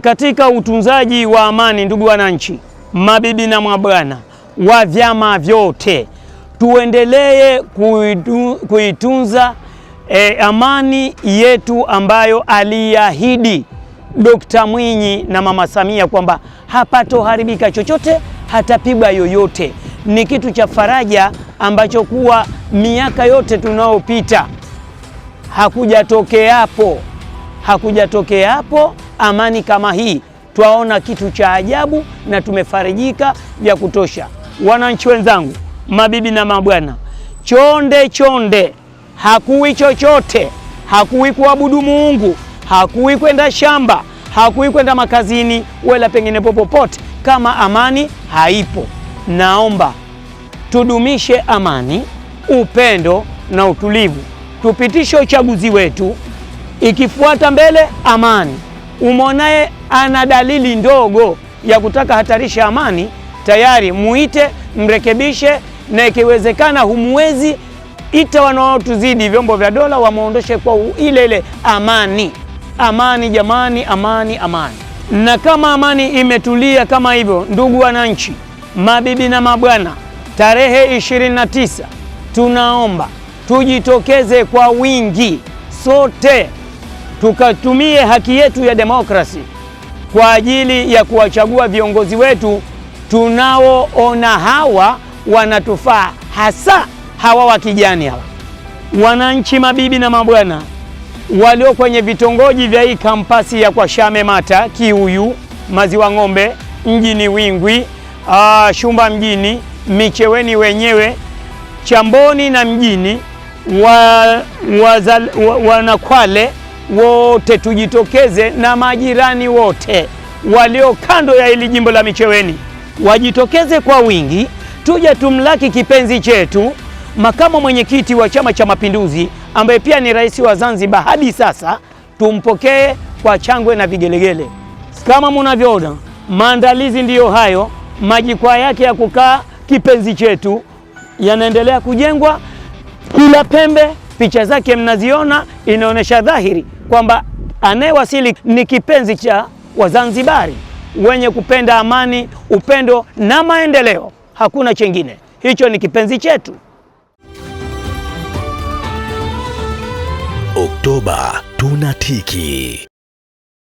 katika utunzaji wa amani, ndugu wananchi, mabibi na mabwana wa vyama vyote, tuendelee kuitunza e, amani yetu ambayo aliahidi Dokta Mwinyi na Mama Samia kwamba hapatoharibika chochote, hatapigwa yoyote. Ni kitu cha faraja ambacho kuwa miaka yote tunaopita hakujatokeapo, hapo, hakujatokea hapo amani kama hii, twaona kitu cha ajabu na tumefarijika vya kutosha. Wananchi wenzangu, mabibi na mabwana, chonde chonde, hakuwi chochote, hakuwi kuabudu Mungu, hakuwi kwenda shamba, hakuwi kwenda makazini wala pengine popopote kama amani haipo. Naomba tudumishe amani, upendo na utulivu, tupitishe uchaguzi wetu ikifuata mbele amani umwonaye ana dalili ndogo ya kutaka hatarisha amani, tayari muite, mrekebishe, na ikiwezekana humwezi ita wanaotuzidi vyombo vya dola wamwondoshe kwa ile ile amani. Amani jamani, amani, amani. Na kama amani imetulia kama hivyo, ndugu wananchi, mabibi na mabwana, tarehe 29 tunaomba tujitokeze kwa wingi sote tukatumie haki yetu ya demokrasi kwa ajili ya kuwachagua viongozi wetu tunaoona hawa wanatufaa, hasa hawa wa kijani hawa. Wananchi, mabibi na mabwana, walio kwenye vitongoji vya hii kampasi ya kwa Shame Mata, Kiuyu, Maziwa Ng'ombe, Mjini Wingwi, uh, Shumba Mjini, Micheweni wenyewe, Chamboni na Mjini, Wanakwale wa, wa, wa, wa wote tujitokeze na majirani wote walio kando ya hili jimbo la Micheweni wajitokeze kwa wingi, tuja tumlaki kipenzi chetu makamu mwenyekiti wa Chama cha Mapinduzi ambaye pia ni rais wa Zanzibar hadi sasa, tumpokee kwa changwe na vigelegele. Kama munavyoona, maandalizi ndiyo hayo, majukwaa yake ya kukaa kipenzi chetu yanaendelea kujengwa kila pembe, picha zake mnaziona, inaonyesha dhahiri kwamba anayewasili ni kipenzi cha Wazanzibari wenye kupenda amani, upendo na maendeleo. Hakuna chengine, hicho ni kipenzi chetu. Oktoba tunatiki.